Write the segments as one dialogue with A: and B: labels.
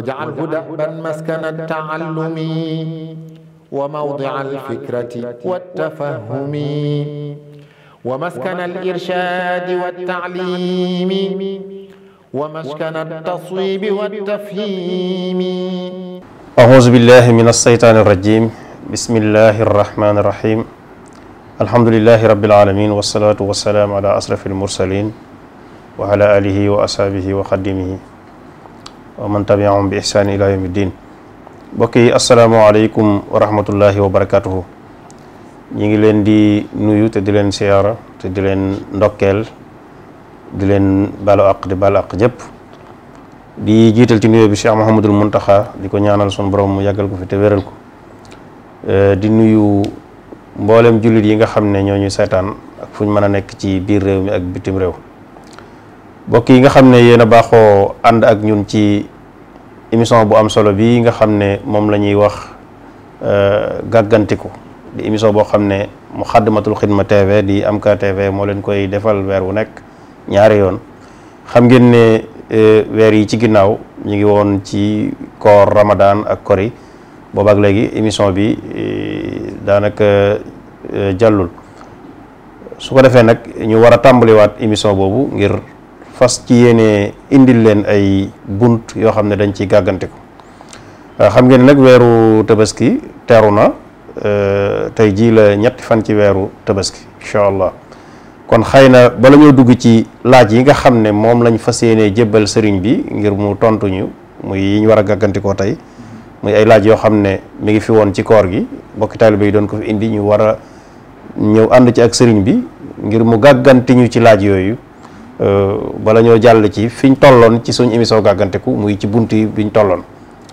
A: واجعله دأبا مسكن التعلم وموضع الفكرة والتفهم ومسكن الإرشاد والتعليم ومسكن التصويب والتفهيم
B: أعوذ بالله من الشيطان الرجيم بسم الله الرحمن الرحيم الحمد لله رب العالمين والصلاة والسلام على أشرف المرسلين وعلى آله وأصحابه وخدمه wa man tabiahum bi ihsaan ila yawmi ddin mbokk yi asalaamaaleykum wa rahmatullahi wa ngi leen di nuyu te di leen siyaara te di leen ndokkeel di leen balu aq di balu aq jëpp di jiital ci nuyoo bi Cheikh Mouhamadul Muntaxa di ko ñaanal sun borom mu yàggal ko fi te wéral ko di nuyu mboolem jullit yi nga xam ne ñoo ñuy seetaan ak fu ñu mën a nekk ci biir réew mi ak bitim réew mbokk yi nga xam ne yéen a baaxoo ànd ak ñun ci émission bu am solo bi nga xam ne moom la ñuy wax euh, gàggantiku di émission boo xam ne Muxaddamatul Xidma TV di Amka TV moo leen koy defal weer bu nekk ñaari yoon xam ngeen ne euh, weer yi ci ginnaaw ñu ngi woon ci koor Ramadan ak kori boobaak léegi émission bi euh, daanaka jàllul su ko defee nag ñu war a tàmbaliwaat émission boobu ngir fas ci yéene indil leen ay bunt yoo xam ne dañ ciy gàggantiku euh, xam ngeen nag weeru tabaski teru na euh, tey jii la ñetti fan ci weeru tabaski incha allah kon xëy na bala ñoo dugg ci laaj yi nga xam ne moom lañ fas yéenee jébbal sëriñ bi ngir mu tontu ñu muy yi ñu war a gàggantikoo tey muy ay laaj yoo xam ne mu ngi fi woon ci koor gi bokki taalibe yi doon ko fi indi ñu war a ñëw ànd ci ak sëriñ bi ngir mu gàgganti ñu ci laaj yooyu Euh, bala ñoo jàll ci fiñ tolloon ci suñ émission gàgganteku muy ci bunt yi biñ tolloon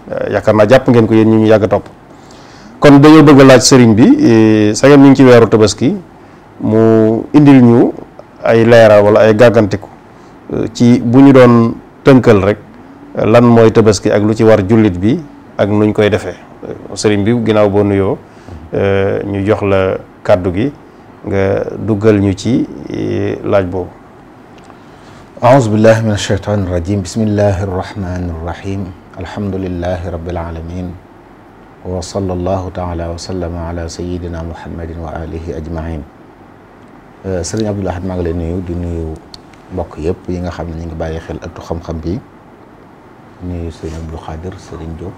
B: euh, yaakaar naa jàpp ngeen ko yéen ñu ñu yàgg topp kon dañoo bëgg laaj sëriñ bi e, sagam ñu ngi ci weeru tabaski mu indil ñu ay leeral wala ay gàgganteku e, ci bu ñu doon tënkal rek lan mooy tabaski ak lu ci war jullit bi ak luñ koy defee e, sëriñ bi ginnaaw boo nuyoo ñu jox la kàddu gi nga duggal ñu ci laaj boobu
A: aousubillah min alsheytaan irrajim bismillahi arrahmani irrahim alhamdulilahi rabilalamin wa sala allahu taala wasallama ala waa muhammadin wa alihi ajmain eh, sëriñ Abdul Ahad maa ngi lay di nuyu mbokk yëpp yi nga xam ne ñu ngi bàyyi xel ëttu xam-xam bi nuyu sëriñ Abdul Xaadir sëriñ Jóob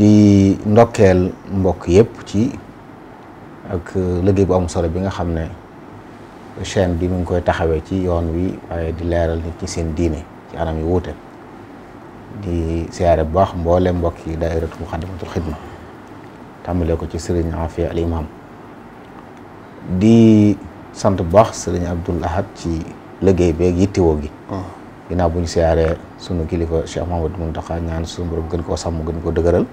A: di ndokkeel mbokk yëpp ci ak eh, liggéey bu am solo bi nga xam ne chaîne bi mu ngi koy taxawee ci yoon wi waaye di leeral nit ñi seen diine ci anam yu wuute di siyaare bu baax mboole mbokk yi daayiratu Muxaddamatul Xidma tàmbale ko ci sëriñ Afia al imam di sant bu baax sëriñ Abdul Ahad ci liggéey beeg yittewoo gi ah. ginnaaw bu ñu siyaaree sunu kilifa Cheikh Mahamadou Muntaxa ñaan sunu borom gën koo sàmm gën ko dëgëral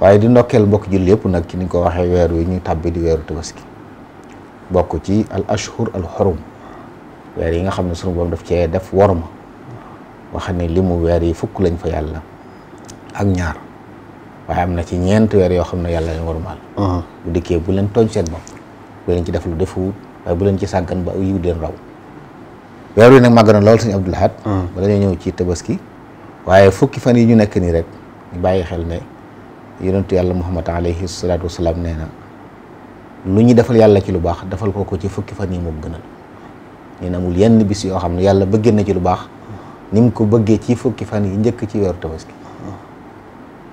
A: waaye di ndokkeel mbokk julli yépp nag ki ni ko waxee weer wi ñuy tàbbi di weeru tabaski bokk ci al ashhur al xurum weer yi nga xam ne sunu def daf cee def worma wax ne li mu weer yi fukk lañ fa yàlla ak ñaar waaye am na ci ñeent weer yoo xam ne yàlla leen wormaal uh-huh. bu dikkee bu leen tooñ seen bu leen ci def lu defuwut waaye bu leen ci sàggan ba yiw leen raw weer wi nag màgg na lool sëñ Abdul Ahad uh-huh. ba dañoo ñëw ci tabaski waaye fukki fan yi ñu nekk nii rek ñu bàyyi xel ne yonentu yàlla Muhammad alayhi salaatu wasalaam nee na lu ñu defal yàlla ci lu baax defal ko ko ci fukki fan yi moom gënal nee na yenn bis yoo xam ne yàlla bëggee na ci lu baax ni mu ko bëggee ci fukki fan yi njëkk ci weeru tabaski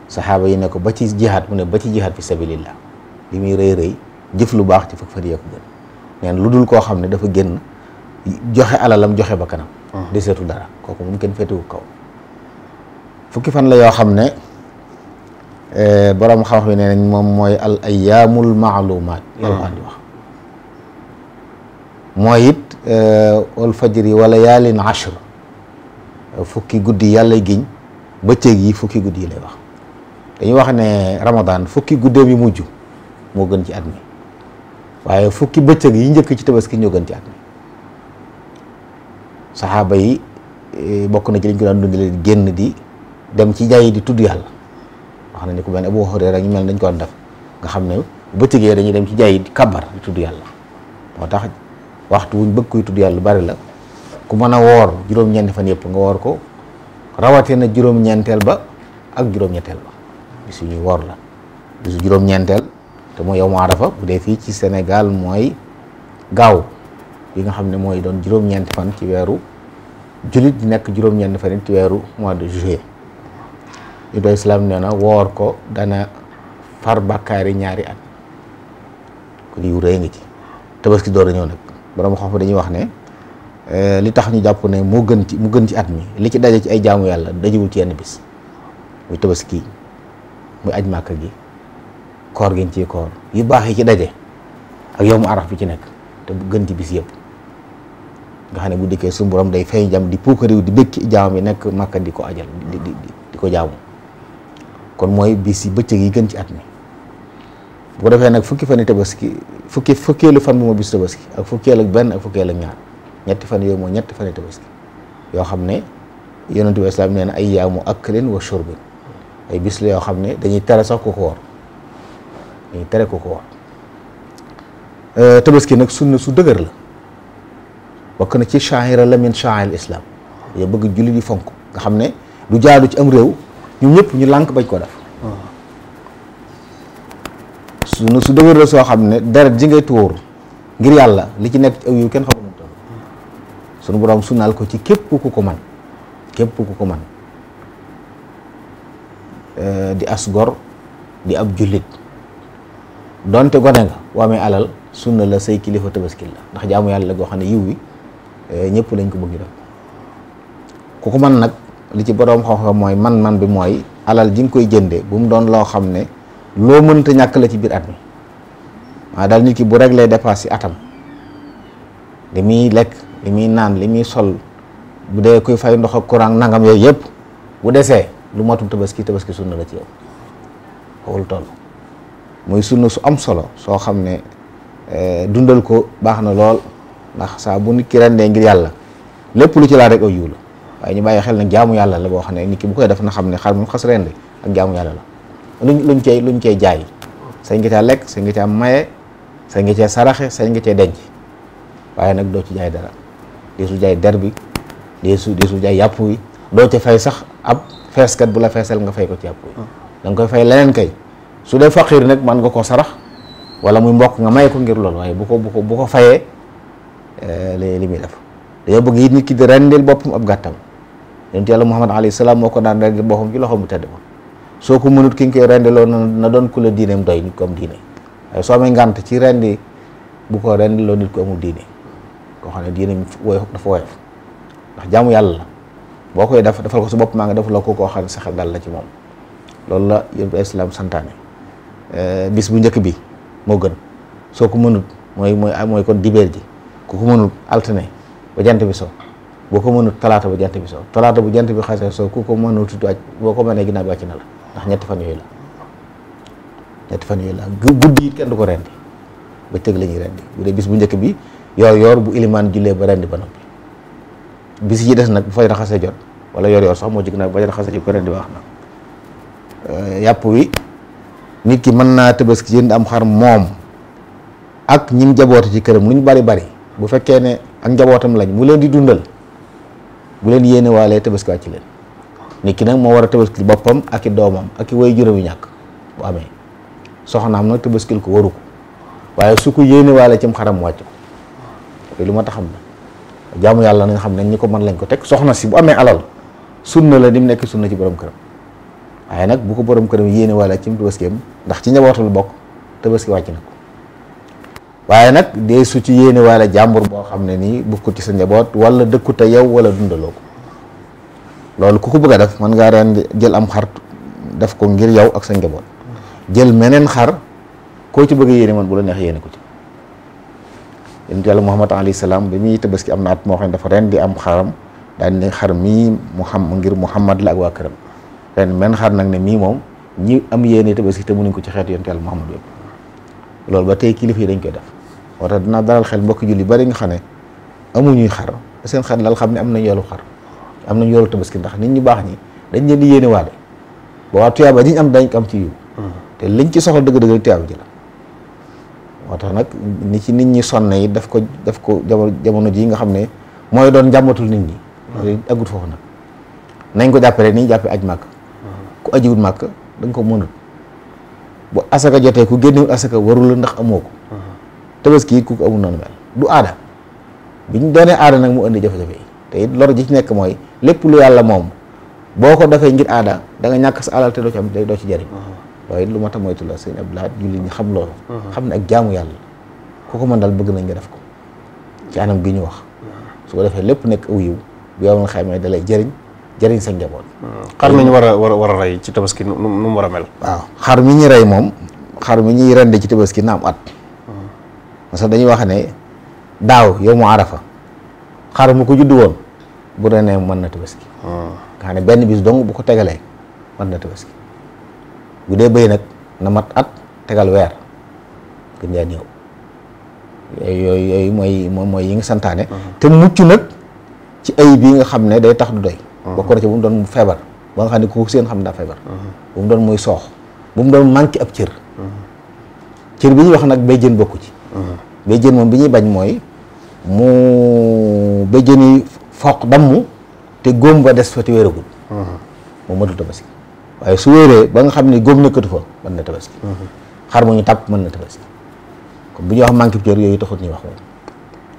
A: saxaaba yi ne ko ba ci jihaat mu ne ba ci jihaat fi sabilillah li muy rëy rëy jëf lu baax ci fukki fan yi ko gën nee lu dul koo xam ne dafa génn joxe alalam joxe ba kanam ah. deseetu dara kooku moom kenn féetewu kaw fukki fan la yoo xam ne Eh, borom xam-xam yi nee moom mooy al ayyaamul maalumaat mm. alquran di wax mooy it eh, wal fajri wala yaalin ashr fukki guddi yàlla giñ bëccëg yi fukki guddi yi lay wax dañuy wax ne ramadan fukki guddeem yi mujj moo gën ci at mi waaye fukki bëccëg yi njëkk ci tabaski ñoo gën ci at mi saxaaba yi eh, bokk na ci liñ ko daan dundale génn di dem ci jaay di tudd yàlla wax na ne ko mel ne Abu Hurayra ñu mel dañ ko def nga xam ne bu bëccëgee dañuy dem ci jaay kabar di tudd yàlla moo tax waxtu wuñ bëgg kuy tudd yàlla bari la ku mën a woor juróom-ñeenti fan yëpp nga woor ko rawatina juróom-ñeenteel ba ak juróom-ñetteel ba bisu ñuy woor la bisu juróom-ñeenteel te mooy yow mu arafa bu dee fii ci Sénégal mooy gaaw bi nga xam ne mooy doon juróom-ñeenti fan ci weeru julit di nekk juróom-ñeenti fan ci weeru mois de juillet ibra islam nee na woor ko dana far bàkkaari ñaari at ku liw rëy ngi ci tabaski door a ñëw nag borom xam dañuy wax ne eh, li tax ñu jàpp ne moo gën ci mu gën ci at mi li ci daje ci ay jaamu yàlla dajewul ci yenn bis muy tabaski muy aj màkk gi koor gi ci koor yu baax yi ci daje ak yow mu araf bi ci nekk te bu gën ci bis yëpp nga xam ne bu dikkee suñu borom day fay jam di puukariw di ci jaam yi nekk màkk di ko ajal di di ko jaamu kon mooy bis yi bëccëg yi gën ci at mi bu ko defee nag fukki fan yi tabaski fukki fukkeelu fan bu ma bis tabaski ak fukkeel ak benn ak fukkeel ak ñaar ñetti fan yooyu mooy ñetti fan yi tabaski yoo xam ne yonent bi islaam nee na ay yaamu aklin wa shurbin ay bis yoo xam ne dañuy tere sax ku ko war tere ku ko war euh, tabaski nag sunna su dëgër la bokk na ci shaahira la min shaa'iril islaam yoo bëgg julli di fonk nga xam ne du jaadu ci am réew ñun ñëpp ñu lànk bañ ko def su su dëgër soo xam ne deret ji ngay tuur ngir yàlla li ci nekk ci aw yu kenn xamul moom sunu borom sunnaal ko ci képp ku ko man képp ku ko man eh, di as gor di ab jullit donte gone nga waamee alal sunna la say kilifa tabaskil la ndax jaamu yàlla goo xam ne yiw wi eh, ñëpp lañ ko bëgg def ku ko man nag li ci boroom xam-xam mooy man-man bi mooy alal di nga koy jënde bu mu doon loo xam ne loo mënta ñàkk la ci biir at mi waaye daal nit ki bu réglé dépense ci atam li muy lekk li muy naan li muy sol bu dee koy fay ndox ak courant nangam yooyu yëpp bu desee lu matum tabaski tabaski sunna la ci yow xawul toll muy sunna su am solo soo xam ne eh, dundal ko baax na lool ndax saa bu nit ki rendee ngir yàlla lépp lu ci laa rekk aw yiw waaye ñu bàyyi xel na jaamu yàlla la boo xam ne nit ki bu koy def na xam ne xar moom xas rendi ak jaamu yàlla la luñ luñ cee luñ jaay sañ nga caa lekk sañ nga caa maye sañ nga cee saraxe sañ nga denc waaye nag doo ci jaay dara dee su jaay der bi dee su dee su jaay yàpp wi doo ci fay sax ab feeskat bu la feesal nga fay ko ci yàpp wi da koy fay leneen kay su dee faqiir nag mën nga koo sarax wala muy mbokk nga may ko ngir loolu waaye bu ko bu ko bu ko fayee eh, li li muy def bëgg it nit ki di rendil boppam ab gàttam yonent yàlla Muhammad alayhi salaam moo ko daan rendi boppam ci loxo mu tedd ba soo ko mënut ki nga koy rendiloo na doon ku la diineem doy nit ko am diine waaye soo amee ngànt ci rendi bu ko rendiloo nit ko amul diine koo xam ne diine woy dafa woyof ndax jaamu yàlla la boo koy def defal ko sa bopp maa nga defaloo ko koo xam ne sa xel dal la ci moom loolu la yonent islam santaane eh, bis bu njëkk bi moo gën soo ko mënut mooy mooy mooy kon dibeer ji ko ko mënut altine ba jant bi so boo ko mënut talaata bu jant bi soo bu jant bi xasee soo ku ko mënut wàcc boo ko mënee ginnaaw bi wàcc na la ndax ñetti fan yooyu la ñetti fan yooyu la guddi it kenn du ko rendi ba tëgg la ñuy rendi bu dee njëkk bi yoor yoor bu ilimaan jullee ba rendi ba bis yi des nag bu fay raxasee jot wala yor yoor sax moo jig nag ba raxasee jot ko rendi baax na euh, yàpp wi nit ki mën naa tabaski jënd am xar moom ak ñim jaboote ci këram lu ñu bari bari bu fekkee ne ak njabootam lañ mu leen di dundal bu leen yéene waalee tabaskiwaat ci leen nit ki nag moo war a tabaskil boppam ak i doomam ak i way juróom yu ñàkk bu amee soxna soxnaam na tabaskil ko waru ko waaye su ko yéene waale cim xaram wàcc ko loolu lu ma taxam la jaamu yàlla na nga xam ne ñu ko mën lañ ko teg soxna si bu amee alal sunna la ni mu nekk sunna ci borom këram waaye nag bu ko borom këram yéene waale cim tabaskeem ndax ci watul bokk tabaski wàcc na waaye nag dee su ci yéene wala jàmbur boo xam ne nii buf ko ci sa njaboot walla dëkkut a yow wala dundaloo ko loolu ku ko bëgg a def mën ngaa ren jël am xar def ko ngir yow ak sa njaboot jël meneen xar koo ci bëgg a yéene man bu la neex yéene ko ci yonent yàlla Muhammad alayhi salaam bi muy tabaski am na moo xam ne ren di am xaram daal ne xar mii mu xam ngir Muhammad la ak waa këram ren men xar nag ne mii moom ñi am yéene tabaski te mënuñ ko ci xeetu yonent yàlla Muhammad yëpp loolu ba tey kilifa yi dañ koy def moo tax dinaa dalal xel mbokki julli bari nga xam ne amuñuy xar seen xar lal xam ne am nañ yoolu xar am nañ yoolu tabaski ndax nit ñu baax ñi dañ leen di yéene waale ba ji am dañ am ci te liñ ci soxla dëgg-dëgg tuyaaba ji tax nag ni ci nit ñi sonne yi daf ko daf ko jamono jamono ji nga xam ne mooy doon jàmbatul nit ñi agut foofu nag ko jàppale ni jàppe aj màkk ku ajiwut màkk da ko mënut bu asaka jotee ku génnewut asaka warul la ndax amoo ko tabaski ku ko amul noonu mel du aada ñu doonee aada nag mu indi jafe-jafe yi te it lor ji ci nekk mooy lépp lu yàlla moom boo ko defee ngir aada danga ñàkk sa alal te doo ci am doo ci jëriñ waaye lu ma ta moytu la sëñ Abdoulaye julli ñi xam loolu xam ne ak jaamu yàlla ku ko mën daal bëgg nañ nga def ko ci anam gi ñu wax su ko defee lépp nekk aw yiw bu yow nga xamee da lay jëriñ jëriñ sa njaboot xar mi ñu war a war a rey ci tabaski nu mu war a mel waaw xar mi ñuy rey moom xar mi ñuy rende ci tabaski na am at parce que dañuy wax ne daaw yow mu arafa xar mu ko juddu woon bu renee mën na tabaski ah. nga xam ne benn bis dong bu ko tegalee mën na tabaski bu dee bëy nag na mat at tegal weer gën jaa néew yooyu yooyu mooy mooy yi nga santaane ah. te mucc nag ci ayib yi nga xam ne day tax du doy ah. bokk na ci bu mu doon mu feebar ba nga xam ne ku seen xam ne daa feebar bu mu doon muy soox bu mu doon manqué ab cër cër bi ñuy wax nag bay jën bokku ci béjjén moom bi ñuy bañ mooy mu béjjén yi foq damm te góom ba des fa te wéeragul uh-huh. moom matul tabaski waaye su wéeree ba nga xam ne góom nekkatu fa mën na tabaski uh-huh. xar mu ñu tàpp mën na tabaski kon bu ñuy wax manqué cër yooyu taxut ñuy wax moom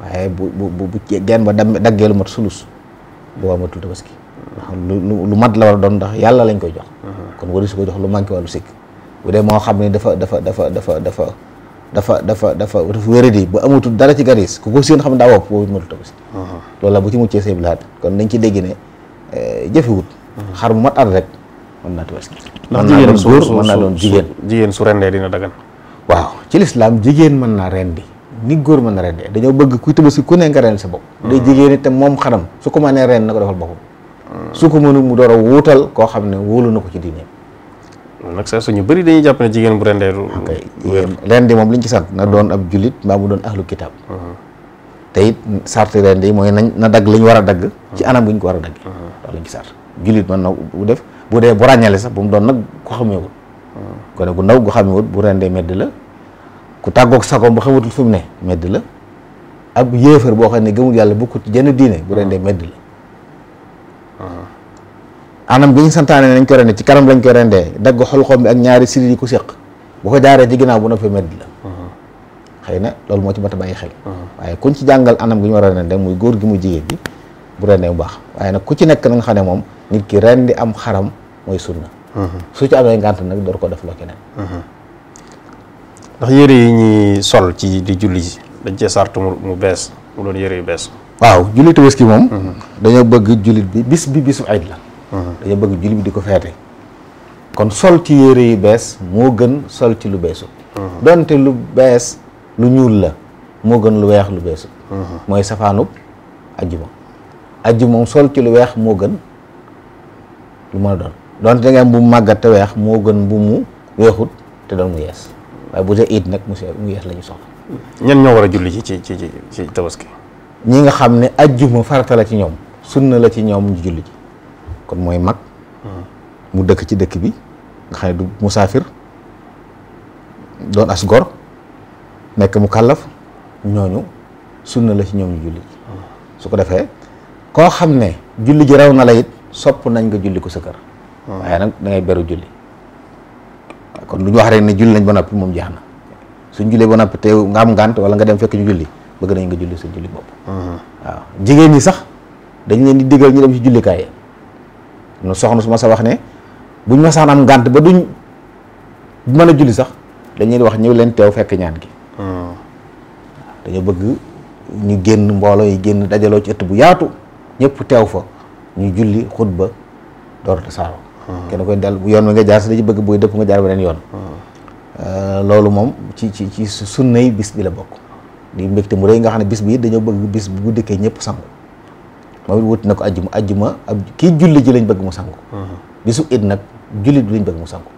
A: waaye bu bu bu genn ba daggee lu mat sulus boobaa matul tabaski ndax lu lu mat la war a doon ndax yàlla lañ koy jox uh-huh. kon wari su ko jox lu manqué wàllu sikk bu dee moo xam ne dafa dafa dafa dafa dafa dafa dafa dafa dafa wéradi bu amatul dara ci garis ku ko seen xam ne daa wopp boobu mënut a tabaski uh-huh. loolu la bu ci muccee say bilaat kon dañ ci dégg ne eh, jëfewut uh-huh. xar mu mat rek mën naa tabaski mën naa naa doon jigéen
B: jigéen su rendee dina dagan
A: waaw ci lislaam jigéen mën naa rendi ni góor mën na rendee dañoo bëgg kuy tabaski ku ne nga sa bopp uh-huh. day jigéen itam moom xaram su ko mënee ren na ko defal su ko mënu mu door a wuutal koo xam ne wóolu na ko ci diineem
B: nag sa su ñu bëri dañuy jàpp jigéen bu rendee ah,
A: rendi moom lañ ci sant na doon ab jullit mbaa mu doon ahlu kitaab uh-huh. tey it sart rendi mooy nañ na dagg li war a dagg ci uh-huh. anam gi ñu ko war a dagg ndax uh-huh. lañ ci sart jullit man na bu def bu dee bu ràññale sax bu mu doon nag ko xamewut kon gu ndaw gu xamewut bu rendee medd la ku tàggoog sakoom ba xamatul fu ne medd la ak yéefar boo xam ne gëmul yàlla bu ko jenn diine bu rendee medd la anam gi ñu santaanee nañ ko rendee ci kanam lañ koy rendee dagg xolxoom bi ak ñaari siri yi ko séq bu ko jaaree ci ginnaaw bu noppee medd la xëy na loolu moo ci mat a bàyyi xel waaye kuñ ci jàngal anam gi ñu war a rendee muy góor gi mu jigéen bi bu rendee bu baax waaye nag ku ci nekk na xam ne moom nit ki rendi am xaram mooy sunna su ci amee ngànt nag door ko def loo keneen ndax yëre yi ñuy sol ci di julli ji
B: dañ cee sart mu bees mu doon yére yu bees
A: waaw julli tabaski moom mhm. dañoo bëgg jullit bi bis bi bisu ayit la dañoo bëgg julli bi di ko feete kon sol ci yére yu bees moo gën sol ci lu beesut donte lu bees lu ñuul la moo gën lu weex lu beesut mooy safaanub ajjuma ajju moom sol ci weex moo gën lu mën a doon donte am bu mu màggat te weex moo gën bu mu weexut te doon mu yees waaye bu dee it nag mu mu yees la ñu soxla ñen ñoo war a
B: julli ci ci ci ci
A: ñi nga xam ne ajjuma farata la ci ñoom sunna la ci ñoom ñu julli ci kon mooy mag mu dëkk ci dëkk bi nga xam ne du musaafir doon as gor nekk mu kàllaf ñooñu na la ci ñoom ñu julli su ko defee koo xam ne julli ji raw na la it sopp nañ nga julli ko sa kër waaye nag da ngay beru julli kon lu ñu wax rek ne julli nañ ba noppi moom jeex na suñ jullee ba noppi te nga am ngànt wala nga dem fekk ñu julli bëgg nañ nga julli sa julli bopp waaw jigéen ñi sax dañ leen di digal ñu dem ci jullikaay nu soxna su ma sa wax ne buñ ma saan am ngànt ba duñ mën a julli sax dañuy wax ñu leen teew fekk ñaan gi hmm. dañoo bëgg ñu génn mbooloo yi génn dajaloo ci ëtt bu yaatu ñëpp teew fa ñu julli xutba door te saaro hmm. kenn koy dal bu yoon bi nga jaar sax dañu bëgg booy dëpp nga jaar beneen yoon hmm. euh, loolu moom ci ci ci sunnay bis bi la bokk di mbégte mu rëy nga xam ne bis bi dañoo bëgg bis bu dikkee ñëpp sangu moom it wuti na ko ajjuma ajjuma ab kii julli ji lañ bëgg mu sangu mhm. bisu it nag julli ji lañ bëgg mu sangu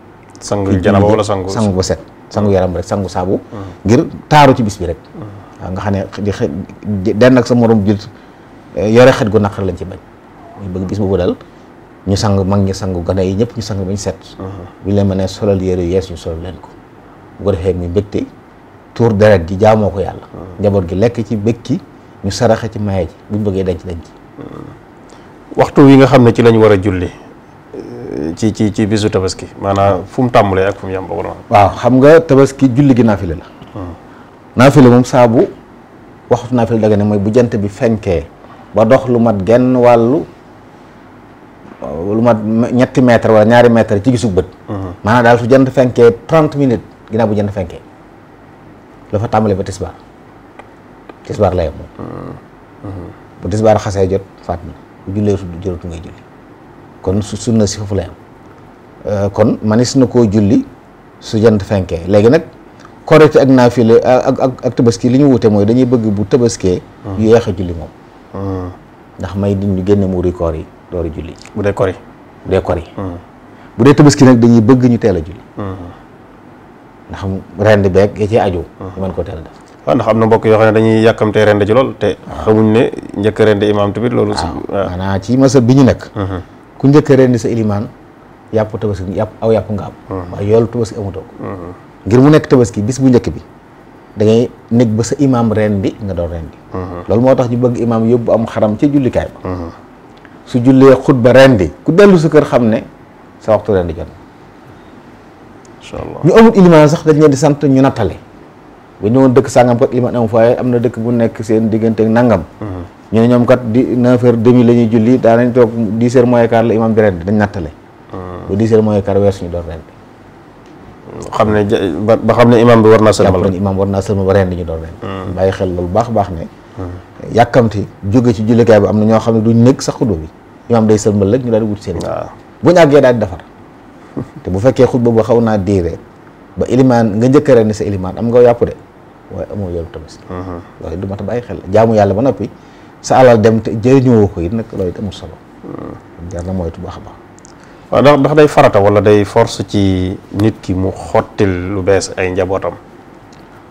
A: sangu janaba wala sangu sangu ba set sangu yaram rek sangu saabu mhm. ngir taaru ci bis bi rek mhm. waaw nga xam ne di xet den nag sa morom jullit eh, yore xet gu naqar lañ ci bañ ñu bëgg bis boobu daal ñu sangu mag ñi sangu gane yi ñëpp ñu sang bañ set bu leen mënee solal yére yu yees ñu solal leen ko bu ko defee muy mbégte tuur deret ji jaamoo ko yàlla njaboot gi lekk ci bëkki ñu saraxe ci maye ji buñ bëggee denc denc
B: waxtu wi nga xam ne ci lañ war a julli euh, ci ci ci bisu tabaski maanaam fu mu tàmbalee ak fu mu yem
A: ba xam nga tabaski julli gi naafile la. Hmm. naafile moom saabu waxtu naafile daga ne mooy bu jant bi fenkee ba dox lu mat genn wàllu lu mat ñetti mètre wala ñaari mètre ci gisu bët. Hmm. maanaam daal su jant fenkee trent minutes ginnaaw bu jant fenkee la fa tàmbalee ba tisbaar tisbaar la moom. Hmm. bu tisbaar xasee jot faat na bu jullee jëratu ngay julli kon sunna si foofu lay am euh, kon manis na koo julli su jant fenkee léegi nag korite ak naafile ak ak ak tabaski li ñu wute mooy dañuy bëgg bu tabaskee ñu hmm. yeex a julli hmm. ndax may di ñu génne muuri koor yi door julli bu dee kor yi bu dee kor hmm. bu dee tabaski nag dañuy bëgg ñu teel a julli ndax rend beeg ya ci ajo
B: ñu man koo teel def waaw ndax am na mbokk yoo xam ne dañuy yàkkamtee rend ci lool te ah. xamuñ ne njëkk rend imaam
A: tamit loolu ah, waaw maanaam ci masa bi ñu nekk mhm. ku njëkk rend sa ilimaan yàpp tabaski yàpp aw yàpp nga am mhm. waaye yoolu tabaski amutoo ko mhm. ngir mu nekk tabaski bis bu njëkk bi da ngay ba sa imaam rendi nga doon rendi loolu moo tax ñu bëgg imaam yóbbu am xaram ca jullikaay ba su jullee xutba rendi ku dellu sa kër xam ne sa waxtu rendi jot ñu amul ilimaan sax dañ leen di sant ñu nattale bu ñëwoon dëkk sàngam kat li ma am dëkk bu nekk seen diggante nangam. Mhm. ñu ñoom kat di 9 h la ñuy julli daanañ toog 10h moins quart la imam di rend dañ nattale. Mhm. bu 10h moins xam ne
B: ba xam ne imam bi war naa sëlmal jàpp
A: imam war naa sëlmal ba rend ñu door rend. Mhm. bàyyi xel loolu baax baax ne. yàkkamti jóge ci jullikaay bi am na ñoo xam ne duñ nekk sax xuddu bi imam day sëlmal rek ñu daal di wut seen waaw bu ñu àggee daal di defar. te bu fekkee xutba ba xaw naa diire ba ilimaan nga njëkk a rend sa ilimaan am nga yàpp de waaye amoo yoolu tabaski loolu du mat a bàyyi xel jaamu yàlla ba noppi sa alal dem te jëriñoo ko it nag loolu it solo jar hmm. na moytu baax ndax day farata
B: wala day force ci nit ki mu xottil lu bees ay njabootam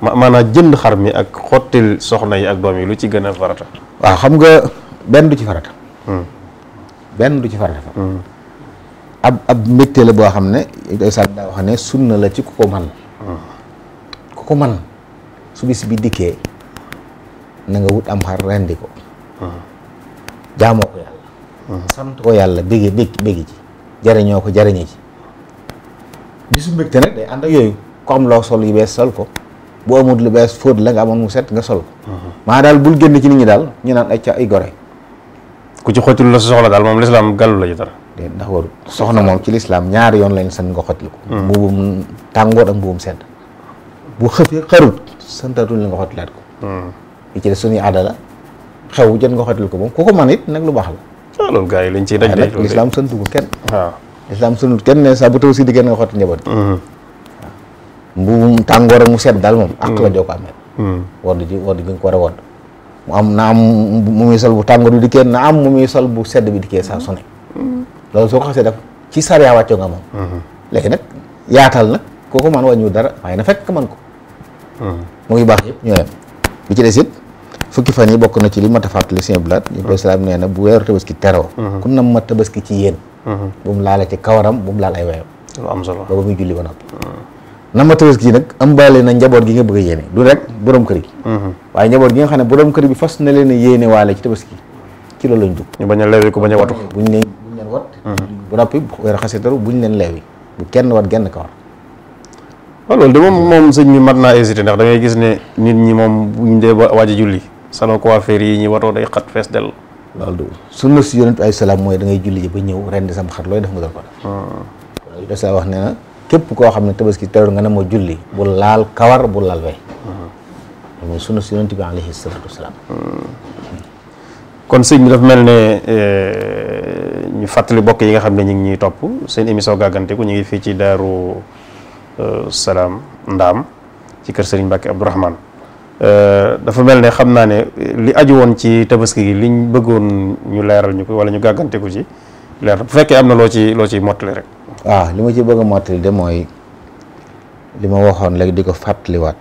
B: ma maanaam jënd xar mi ak xottil soxna yi ak doom yi lu ci gën a farata waaw xam nga
A: benn du ci farata hmm. benn ci fa hmm. ab boo xam ne day saan daa wax ne sunna la ci ku ko man ku ko man su bis bi dikkee na nga wut am xar rendi ko uh-huh. jaamoo ko yàlla uh-huh. sant ko yàlla bég ci jariñoo ko jariñe ci bisu mbégte nag day ànd ak yooyu ko am loo sol yu bees sol ko bu amut lu bees fóot la nga amoon mu set nga sol ko uh-huh. maa daal bul génn ci nit ñi daal ñu naan ay ca ay gore ku ci xottilu la sa soxla daal moom lislaam gàllu la ci dara ndax waru soxna moom ci lislaam ñaari yoon lañ san nga xotli ko mu hmm. tàngoor ak mu sedd bu xëfee xarut santatul la nga xottilaat ko hmm. li ci des suñuy aada la xew bu jot nga xottil ko moom ku ko man it nag lu baax la
B: ah, loolu gars yi ci ciy daj de nag lislaam
A: santu ko kenn waaw ah. lislaam santu kenn sa bu taw si di kenn nga xotti njaboot hmm. waaw mu sedd moom ak la hmm. joo ko amee wodd ji wodd bi nga ko war a wodd mu am na mu muy sol bu tàngoor bi dikkee na am mu muy sol bu sedd bi dikkee saa su loolu soo ko xasee def ci sariya wàccoo nga moom léegi nag yaatal nag kooku man wàññiwul dara waaye na fekk man ko moo yu baax yëpp ñoo yem bi ci des fukki fan yi bokk na ci li mat a fàttali seen blaat yëpp islaam nee na bu weeru tabaski teroo mhm. ku nam ma tabaski ci yéen mhm. bu mu laala ci kawaram bu mu laal ay wayam lu am solo booba muy julli ba noppi mhm. nam ma tabaski yi nag ëmbaale na njaboot gi bëgg a yéene du borom kër gi waaye njaboot gi nga xam ne borom kër bi fas na leen a yéene waale ci tabaski ci loolu lañ jug ñu a leewi ko bañ a watu buñ leen buñ leen wat bu noppi weeru xasitaru buñ leen leewi bu kenn wat genn kawar waaw loolu de moom moom sëñ bi mat
B: naa hésité ndax dangay ngay gis ne nit ñi moom buñ dee waaj a julli salon coiffeur yi ñi watoo day xat fees dell
A: loolu sunna si yonent ay salaam mooy da ngay julli ba ñëw rendi sam xar looy def nga dal ko ah. def wax ne na képp koo xam ne tabaski teroon nga ne moo julli bu laal kawar bu laal way ah. loolu mooy sunna ah.
B: kon sëñ bi dafa mel ne eh, ñu fàttali bokk yi nga xam ne ñu ngi ñuy topp seen émission gàgganteku ñu ngi fii ci daaru salaam ndaam ci kër Serigne Mbacke Abdourahmane euh, dafa mel ne xam naa ne li aju woon ci tabaski gi liñ bëggoon ñu leeral ñu ko wala ñu gàggante ko ci leer bu fekkee am na loo ci loo ciy mottali rek.
A: waaw ah, li ma ci bëgg a mottali de mooy li ma waxoon léegi di ko fàttaliwaat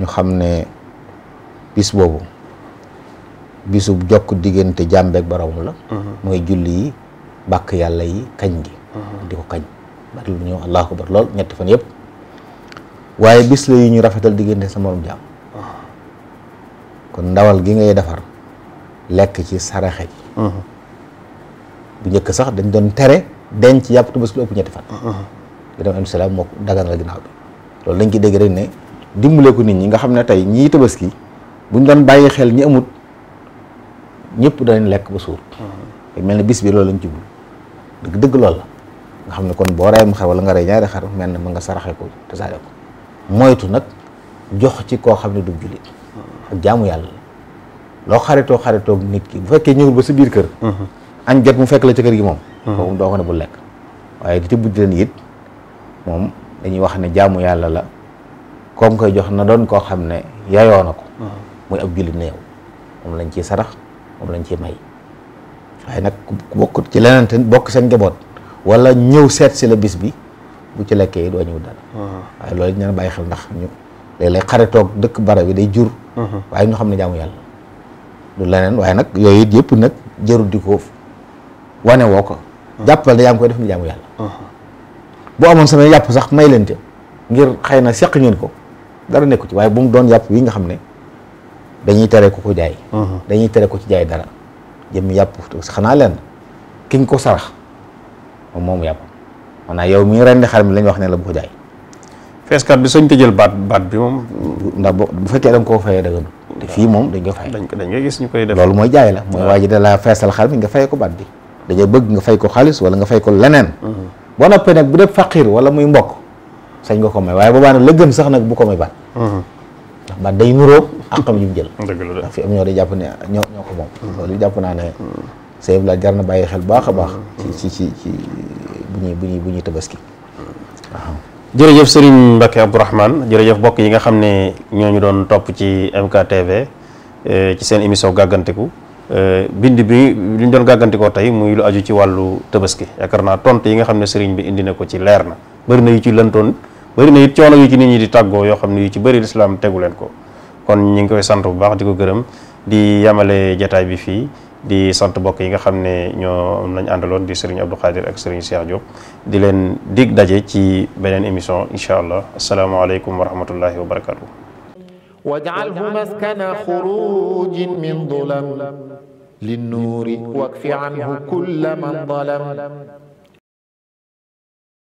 A: ñu xam ne bis boobu bisu jokk diggante jàmbeeg boroom la. Mhm. mooy julli yi bàkk yàlla yi kañ gi. Mhm. di ko kañ. bari lu ñëw allahu akbar lool ñetti fan yëpp. waaye bis la yu ñu rafetal diggante sa morom jaam kon ndawal gi ngay defar lekk ci saraxe bu njëkk sax dañ doon tere denc yàpp tabaski lu ëpp ñetti fan gënam am salaam moo dagan la ginnaaw bi loolu dañ ci dégg rek ne dimbale ko nit ñi nga xam ne tey ñii tabaski buñ doon bàyyi xel ñi amut ñëpp danañ lekk ba suur mel ni bis bi loolu lañ jublu dëgg dëgg lool la nga xam ne kon boo reyam xar wala nga rey ñaari xar mel na mën nga saraxe ko te ko moytu nag jox ci koo xam ne du jullit ak jaamu yàlla loo xaritoo xaritoog nit ki bu fekkee ñëwul ba si biir kër añ jot mu fekk la ci kër gi moom boobu doo ko ne bu lekk waaye di tibb di leen dañuy wax ne jaamu yàlla la koom koy jox na doon koo xam ne yayoo na ab jullit na yow moom lañ ciy sarax moom lañ ci may waaye nag ku bokk ci leneen te bokk seen njaboot walla ñëw seet si la bis bi bu ci lekkee yi doo ñëw dara uh-huh. waaye loolu ñu bàyyi xel ndax ñu léeg-léeg xaritoog dëkk bara bi day jur uh-huh. waaye ñu xam ne jaamu yàlla du leneen waaye nag yooyu yëpp nag jarul di ko wane woo ko uh-huh. jàppal ne yaa ngi koy def ni jaamu yàlla bu amoon sama yàpp sax may leen ca xëy na seq ngeen ko dara nekku ci waaye bu mu doon yàpp wi nga xam ne dañuy tere ko jaay dañuy tere ko ci jaay dara yàpp xanaa leen ki nga ko sarax moom moom yàpp maanaam yow mi rendi xar mi la ñu wax ne la bu ko jaay. feeskat bi soñ te jël baat baat bi moom. ndax bu fekkee da nga koo fayee dëgg te fii moom dañ koy fay. dañ ko dañ koy gis ñu koy def. loolu mooy jaay la mooy waa ji da laa nga fay ko baat bi dañoo bëgg nga fay ko xaalis wala nga fay ko leneen. Mhm. boo noppee nag bu dee faqiir wala muy mbokk sañ ko ko may waaye boobaa nag la gën sax nag bu ko may baat. Mhm. ndax baat day nuróo àqam yu mu jël. dëgg la ñoo day jàpp ne ñoo ñoo ko moom. Mhm. loolu jàpp naa ne. sëñ la jar na bàyyi xel baax a baax. ci ci ci bu ñuy bu ñuy bu ñuy tabaski
B: waaw. jërëjëf Serigne Mbacke Abdourahmane jërëjëf mbokk yi nga xam ne ñoo ñu doon topp ci MKTV euh, ci seen émission gàggantiku euh, bind bi lu ñu doon gàggantikoo tey muy lu aju ci wàllu tabaski yaakaar naa tontu yi nga xam ne sëriñ bi indi na ko ci leer na bëri na yu ci lëntoon bëri na it coono yu ci nit ñi di tàggoo yoo xam ne yi ci bëri lislaam tegu leen ko kon ñu ngi koy sant bu baax di ko gërëm di yamale jataay bi fii. di sant mbokk yi nga xam ne ñoo lañ àndaloon di sëriñ Abdou Khadir ak sëriñ Cheikh Diop di leen dig daje ci beneen émission incha allah asalaamaaleykum wa rahmatullahi wa barakatuh
A: waj'alhu maskana xurujin min dulam linnuri wakfi anhu kulla man dalam